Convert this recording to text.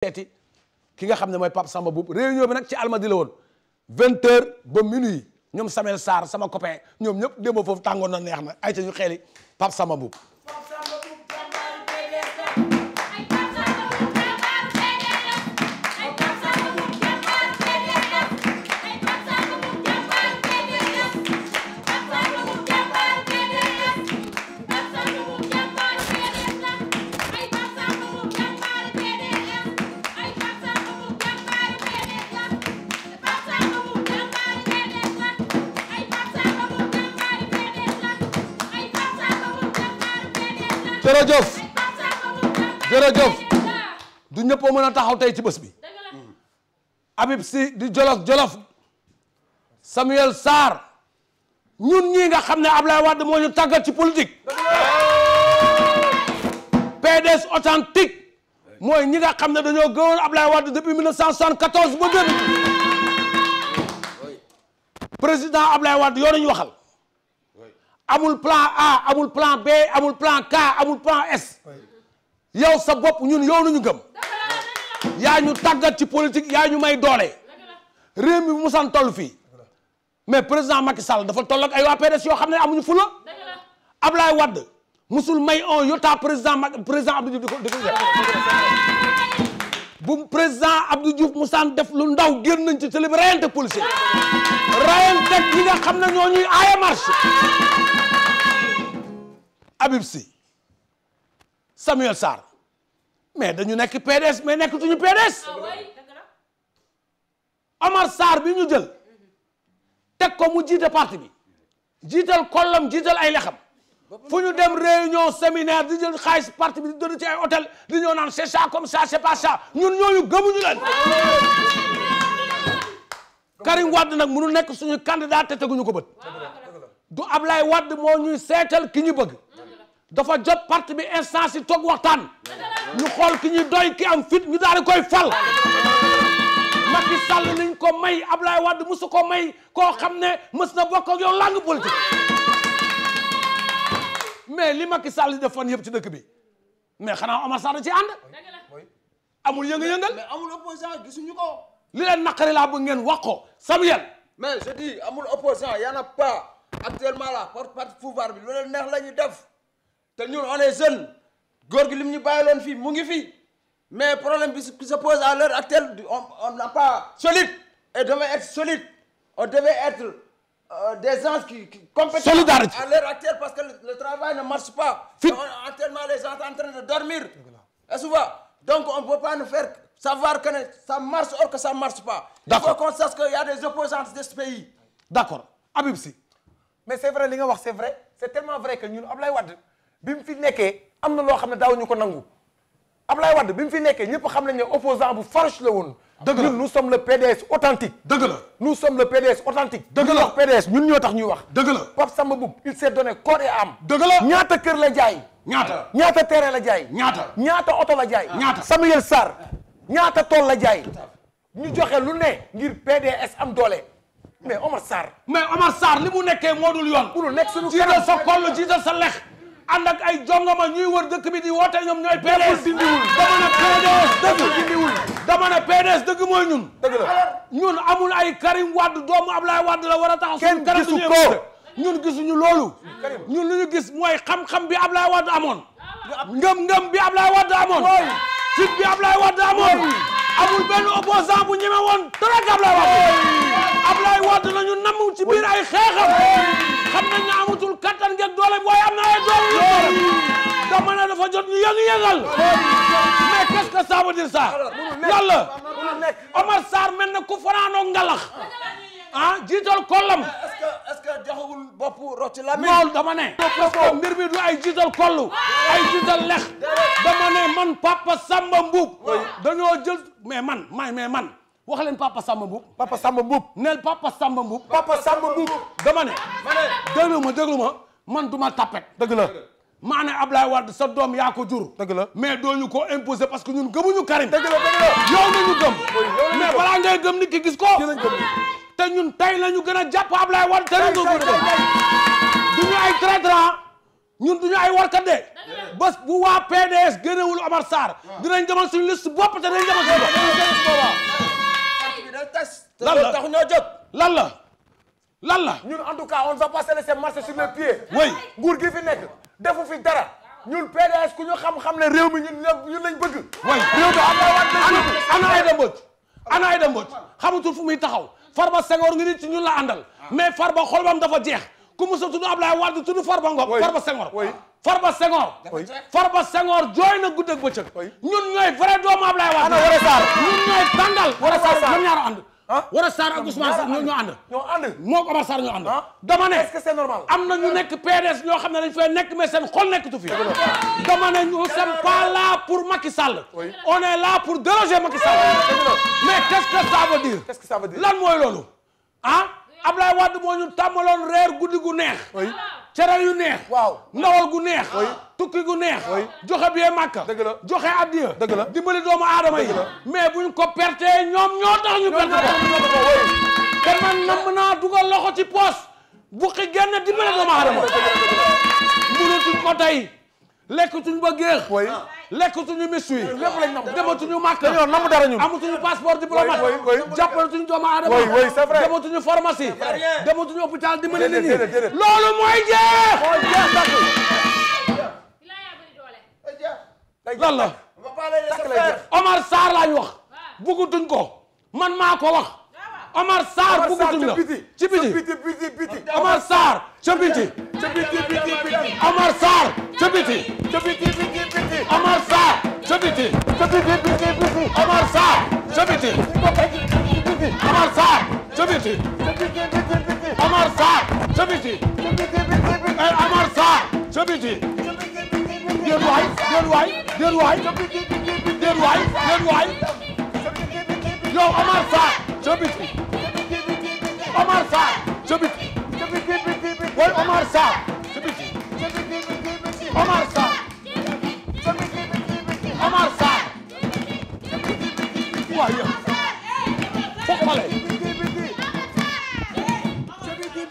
seeti ki nga xam ne mooy Pape Samba Boub réunion bi nag ci ma la woon vingt heures ba minuit ñoom Samuel Sarr sama copain ñoom ñëpp démb foofu tàngoon na neex na ay ca ñu xeeli Pape Samba Boub jërëjëf jërëjëf du ñëpp mën a taxaw tey ci bés bi Habib Sy di jolof jolof Samuel Sarr ñun ñii nga xam ne Ablaye Wade moo ñu tàggat ci politique PDS authentique mooy ñi nga xam ne dañoo gëwoon Ablaye Wade depuis 1974 ba gën président Ablaye Wade yoo ñu waxal amul plan A amul plan B amul plan K amul plan S yow sa bopp ñun yow nañu gëm yaa ñu tàggat ci politique yaa ñu may doole réew mi bu mu san toll fii mais président Macky Sall dafa tollak ay waa PDS yoo xam ne amuñu fula Ablaye Wade musul may on yota président Macky président Abdou Diouf di ko di ko bu président Abdou Diouf mu san def lu ndaw génn nañ ci télé bi rayante policier rayante ñi nga xam ne ñoo ñuy aaye marche Habib Sy Samuel Sarr mais dañu nekk PDS mais nekkatuñu PDS ah Omar Sarr bi ñu jël teg ko mu jiite parti bi jiital kollam jiital ay lexam fu ñu dem réunion séminaire di jël xaalis parti bi di doon ci ay hôtel di ñëw naan c'est ça comme ça c'est pas ça ñun ñooñu gëmuñu leen ah! Karim Wade nag mënu nekk suñu candidat te teguñu ko bët ah, du Ablaye Wade moo ñuy seetal ki ñu bëgg dafa jot parti bi instance yi toog waxtaan ñu xool ki ñu doy ki am fit ñu daal di koy fal Macky Sall niñ ko may Ablaye Wade mosu ko may koo xam ne mës na bokk ak yow langue politique mais li Macky Sall def fan yëpp ci dëkk bi mais xanaa Omar Sarr da ci ànd amul yënga-yëngal mais amul opposant gisuñu ko li leen naqari laa bëgg ngeen wax ko Samuel mais je dis amul opposant y en a bi lu la ñu def te ñun on est jeune góor gi lim ñu bàyyiloon fii mu ngi fii mais problème bi qui se pose à l'heure actuelle on on n'a pas solide et devait être solide on devait être euh, des gens qui, qui à l'heure actuelle parce que le, le travail ne marche pas on, actuellement les gens sont de dormir est-ce que vous donc on peut pas nous faire savoir que ça marche ou que ça marche pas il faut qu'on sache qu'il y d'accord Habib Sy mais c'est vrai li nga wax c'est vrai c'est tellement bi mu fi nekkee am na loo xam ne daawuñu ko nangu Ablaye Wade bi mu fi nekkee ñëpp xam nañ ne opposant bu farouche la woon. dëgg la ñun nous sommes le PDS authentique dëgg la nous sommes le PDS authentique dëgg la PDS ñun ñoo tax ñuy wax. dëgg la Pape Samba Boub il s'est donné corps et âme. ñaata kër la jaay. ñaata ñaata terrain la jaay. ñaata ñaata oto la jaay. ñaata Samuel Sarr ñaata tool la jaay. ñu joxe lu ne ngir PDS am doole. mais Omar Sarr. mais Omar Sarr li mu nekkee moo dul yoon. ku nekk suñu kanam jiital sa koll jiital sa lex. ànd ak ay jongama ñuy wër dëkk bi di woote ñoom ñooy PDS dama ne PDS dëgg dindiwul dama ne PDS dëgg mooy ñun ñun amul ay Karim Wade doomu Ablaye Wade la war a taxaw suñu kanam duñu ñun gisuñu ñun lu ñu gis mooy xam-xam bi Ablaye Wade amoon ngëm-ngëm bi Ablaye Wade amoon fit bi Ablaye Wade amoon amul benn opposant bu ñeme woon dara ak Ablaye Wade Ablaye Wade la ñu namm ci biir ay xeexam xam nañ ne amatul kattan ngeen doole waaye am na ay doom dama ne dafa jot ñu yëngu-yëngal mais qu'est-ce que ça veut dire ça yàlla Omar jiital kollu. ay jiital lex. dama ne man papa Samba Mbuub. dañoo jël mais man may mais man. wax leen papa Samba Mboup. papa Samba Mboup. neel papa Samba Mboup. papa Samba Mboup. dama ne. déglu ma déglu ma man du ma tapet. dëgg la maa ne Ablaye Wade sa doom yaa ko jur. dëgg la mais doo ñu ko imposer parce que ñun gëmuñu Karim. dëgg la dëgg la yow nañu gëm. mais balaa ngay gëm nit ki gis ko. te ñun tey la ñu gën a jàpp Ablaye Wade te ñu gën du ñu ay traître ah. ñun du ñu ay warkat de bés bu waa PDS génnewul Omar Sarr dinañ demal suñu liste bopp te dinañ demal suñu day tas. lan la lan la lan la. ñun en tout cas on va pas se laisser marcher sur les pieds. oui nguur gi fi nekk defu fi dara ñun PDS ku ñu xam-xam ne réew mi ñun ñun lañ bëgg. oui réew mi am na ay dem bëgg. ana Aïda Mbodj xamatul fu muy taxaw Farba Senghor ngi nit ci ñun la àndal ah. mais Farba xolbam dafa jeex ku mos a tudd Ablaye Wade tudd Farba Ngom Farba Senghor Farba Senghor Farba Senghor jooy na guddeeg bëccëg ñun ñooy vrai doomu Ablaye Wade ñun ñooy tàngal ànd. ah Wara Sarr ak ñoo ànd. moo ko Omar ñoo ànd. Ah? dama ne est am na ñu nekk PDS ñoo xam ne dañu fay nekk mais seen xol nekkatu fi. dama ñu sommes pas là pour Macky Sall. on est là pour déloger Macky Sall. mais qu'est-ce que dire. lan mooy loolu. ah Ablaye Wade moo ñu tàmmaloon reer guddi gu neex. cere yu neex. waaw ndawal gu neex. tukki gu neex. joxe bee màkka. dëgg la joxe addiya. dëgg la dimbali doomu aadama yi. mais buñ ko pertee ñoom ñoo tax ñu. perte ko te man namm naa dugal loxo ci poos bu xi génn dimbali ko tey lekkatuñ ba géex. Ah. lekkatuñu miss yi lépp lañ nam dematuñu màkk dañoo nam dara ñun amatuñu passeport diplomate jàppalatuñu doomu aadama dematuñu pharmacie dematuñu hôpital dimbali nit ñi loolu mooy jeex mooy jeex dakk lan la Omar Sarr laañ wax bëggatuñ ko man maa ko wax Omar Sarr bëggatuñ la ci biti Omar Sarr ca biti Omar Sarr ca biti Omar Sarr sëbiti sëbiti biti biti Omar Sarr sëbiti Omar Sarr sëbiti Omar Sarr sëbiti eh, Omar Sarr sëbiti déet waay déet waay déet waay déet waay déet waay yow Omar Sarr sëbiti Omar Sarr sëbiti way Omar Sarr